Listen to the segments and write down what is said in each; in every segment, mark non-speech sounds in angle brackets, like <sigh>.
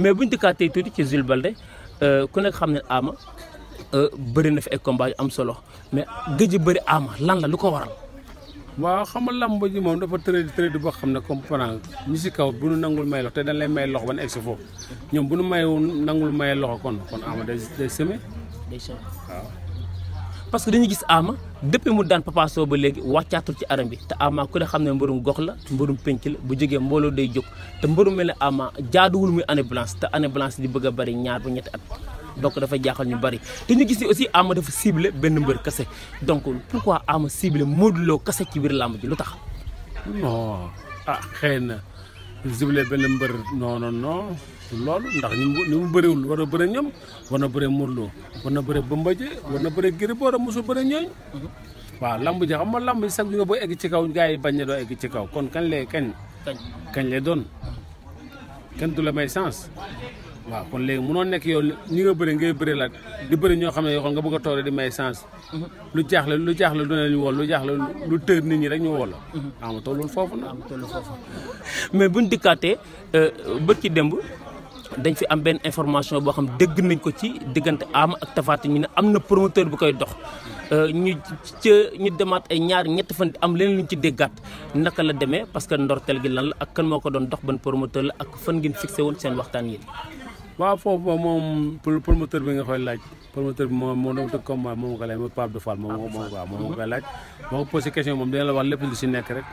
mais bu ñu dikkaatee tuuti ci Jules Baldé euh, ku nekk xam ne Ama euh, bëri na fi ay combat yu am solo mais gëj a bëri Ama lan la lu ko waral. waaw xam nga lamb moom dafa tëradi tëradi boo xam ne comprendre ñi si kaw bu nu nangul may loxo te dañ lay may loxo ba egg si foofu ñoom bu nu mayoon nangul may loxo kon kon Ama day day semé waaw. parce que dañu gis Ama depuis mu daan Papa Sow ba léegi wàccaatul ci aram bi te Ama ku ne xam ne mbërum gox la mbërum penc la bu jógee mbooloo day jóg te mbërum mel ne Ama jaaduwul muy année blanche te année blanche di bëgg a bari ñaar ba ñetti at donc dafa jaaxal ñu bëri te ñu gis ni aussi Ama dafa ciblé benn mbër kese donc pourquoi Ama ciblé Modou Lo kese ci biir làmb ji lu tax non ah na zible benn mbër non non non du loolu ndax ñu ni mu bëriwul war a bëre ñoom war a bëre murlu war a bëre bamba ji war a bëre giri boora mosu bëre ñooñ waaw lamb ji xam ma lamb ji sax nga bo egg ci kaw gars bañ doo egg ci kaw kon kan lay kañ kañ lay doon kan du la may sens waaw kon léegi mënoo nekk yow ñi nga bëri ngay bëri laaj di bëri ñoo xam ne yow nga bëgg a toore di may sens. Mhm. lu jaax la lu jaax la du ñu wool lu jaax la lu tëj nit ñi rek ñu wool la. xam nga tolluwul foofu na. mais buñ dikkaatee euh, ba ci démb dañ fi am benn information boo xam dégg nañ ko ci diggante am ak tafaate ñu ne am na promoteur bu koy dox. Euh, ñu ca ñu demaat ay ñaar ñett fan am leneen lu ci déggaat naka la demee parce que ndorteel gi lan la ak kan moo ko doon dox ban promoteur la ak fan ngeen fixé woon seen waxtaan yi. waaw foofu moom moom promoteur bi nga koy laaj promoteur bi moom moo doon tëgg combat moom nga ko laaj mooy Pape de Fall moom moom waaw moom koy laaj moo ko posé question moom dina la wax lépp lu ci nekk rek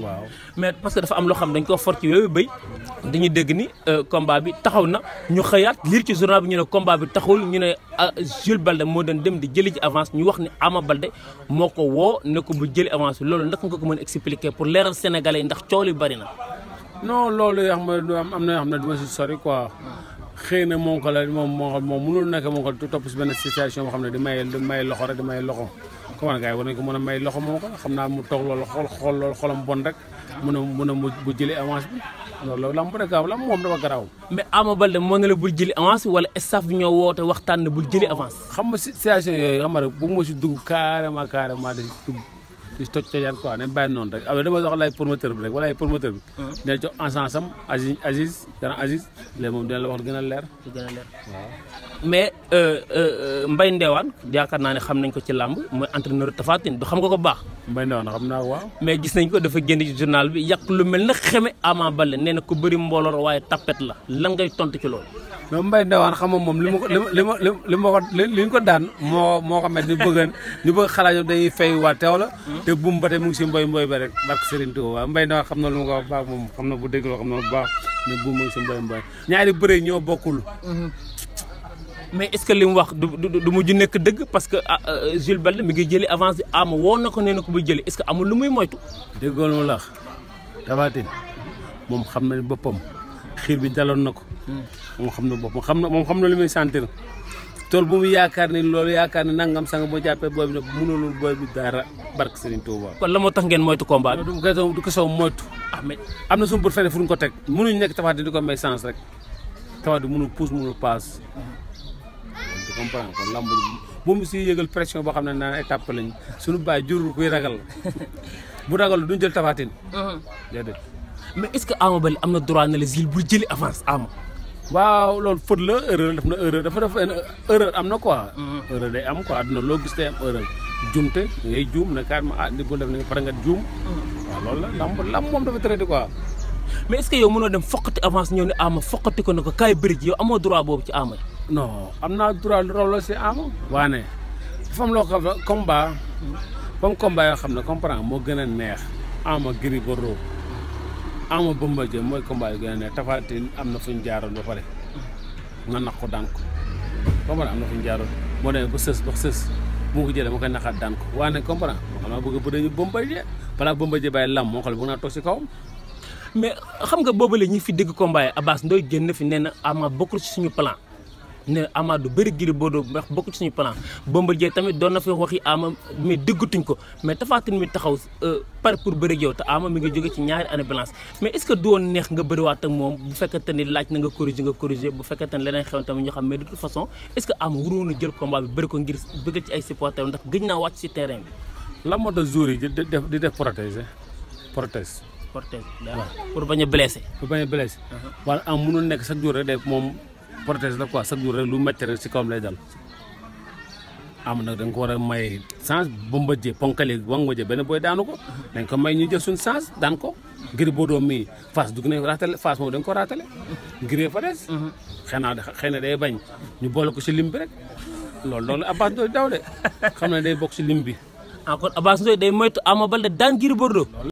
waaw mais parce que dafa am loo xam dañ ko for ci yooyu ni euh, combat bi taxaw na ñu xëyaat liir bi ñu ne combat bi taxawul ñu ne ah, Jules Balde moo doon dem di jëli ci avance ñu wax ni Ama Balde moo ko woo ne ko bu jëli avance bi loolu naka nga ko mën pour leeral Sénégalais yi ndax coow li bari na non loolu yoo xam ne am ma yoo xam ne duma ci xëy na monko la moom moo xam moom mënul nekk monko du topp si benn situation boo xam ne di may di may loxo rek di may loxo comme na xam naa mu toog loolu xool xool loolu xolam bon rek mën a mën bu jëlee avance bi loolu loolu lamb bu nekk lamb moom dafa garaaw mais Ama Baldé moo ne la bul jëli avance wala staff bi ñoo woote waxtaan ne bu jëli avance xam nga situation yooyu xam nga rek bu ma si dugg carrément carrément da dugg di toj tojaan quoi ne bàyyi noonu rek alors dama wax lay promoteur bi rek wala gën a leer. gën a leer waaw. mais euh, euh, euh, Mbaye Ndewane yaakaar naa ne xam nañ ko ci làmb mooy entraîneur Tapha Tine du xam nga ko baax. Mbaye Ndewane xam naa ko mais gis nañ ko dafa génn ci journal bi yàq lu mel na xeme Ama Baldé nee na ku bëri mbooloo waaye tapet la lan ngay tontu ci loolu. non Mbaye Ndewane xam nga moom li ma ko li ma li ma ko li ñu ko daan moo moo ko met ñu bëgg ñu bëgg xalaat ñoom dañuy fay waa teew la te buum ba tey mu ngi si mboy mboy ba rek barke Serigne Touba Mbaye Ndewane xam na lu ma ko wax baax moom xam na bu dégg loo xam na bu baax ne buum mu ngi si mboy mboy ñaari bëre ñoo bokkul mais est-ce que li mu wax du du mujj nekk dëgg parce que ah, euh, Jules Balde mi ngi jëli avance ama ah, woo na ko nee na ko buy jëli est-ce que amul lu muy moytu déggoolu mu lax Tapha Tine moom xam na boppam xiir bi na ko. moom xam na boppam xam na moom xam na li muy sentir. tool bu mu yaakaar ni loolu yaakaar ni nangam sang boo jàppee booy bi nag mënulul booy bi dara barke Serigne Touba. kon la moo tax ngeen moytu combat bi. du ko du ko soog moytu. ah mais am na suñu bët feneen ko teg. mënuñ nekk Tapha Tine di ko may sens rek Tapha Tine mënul pousse mënul passe. di comprendre kon lamb moom si yëgal pression boo xam ne naan étape lañ suñu baay jurul kuy ragal <laughs> bu ragal duñ jël Tapha Tine. Uh-huh. mais est-ce que Ama Baldé am na droit ne la Jules bul jëli avance Ama. waaw loolu faute la erreur def na dafa def erreur am na quoi. Mm-hmm. erreur am quoi àdduna loo gis tey am erreur. jumte ngay juum ne carrément ah li bul def ne pare nga juum. Mm-hmm. waaw loolu la lamb lamb moom dafa traité quoi. mais est-ce que yow mënoo dem fokkati avance ñëw ne Ama fokkati ko ne ko kaay bëri ji yow amoo droit boobu ci Ama. non am naa droit looloo si Ama. waa ne dafa am loo xam ne combat. Mm-hmm. comme combat yoo xam ne comprendre moo gën a neex Ama Gris Bordeaux. ama Bombardier mooy combat yu gën a ne am na fu ñu jaaroon ba pare nga nax ko daan ko comprendre am na fu ñu jaaroon moo demee ba sës ba sës mu ko jëlee ma koy naxaat daan ko waaye nag comprendre moo xam naa bëgg a bëri ñu Bombardier lam moo xam si kawam mais xam nga boobu la ñu fi dégg combat yi Abass génn fi nee na ama bokkul ci suñu plan ne Amadou bëri Gris Bordeaux ndax bokk ci suñu plan Bombardier tamit doon na fi waxi Ama mais dëggatuñ ko mais Tapha Tine mi taxaw euh, par pour bëri yow te Ama mi ngi jóge ci ñaari année balance mais est ce que doon neex nga bëriwaat ak moom bu fekkente ni laaj na nga corriger nga corriger bu fekkente ni leneen xew tamit ñu xam mais de toute façon est ce que Ama waroon a jël combat bi bëri ko ngir bëgg ci ay supporters ndax gëj naa wàcc ci terrain bi. lan moo tax jour yi di def di def protéger protéger. protéger pour bañ a blessé. pour bañ a blessé. Uh-huh. wala am mënul nekk chaque jour rek moom. protéger la quoi chaque jour am nag da ko war a may chance ba mbëjee ponkali wangmbëjee benn booy daanu ko dañ ko may ñu jël suñ chance daan ko ngir boo doom mii Fass dugg nañ ko raatale Fass moom dañ ko raatale ngiree fa des mhm. xëy na xëy na day bañ ñu boole ko si lim bi rek lool loolu Abbas Ndoye daw de xam ne day bokk si lim bi encore ah, Abbas Ndoye day moytu Ama Baldé daan Gris Bordeaux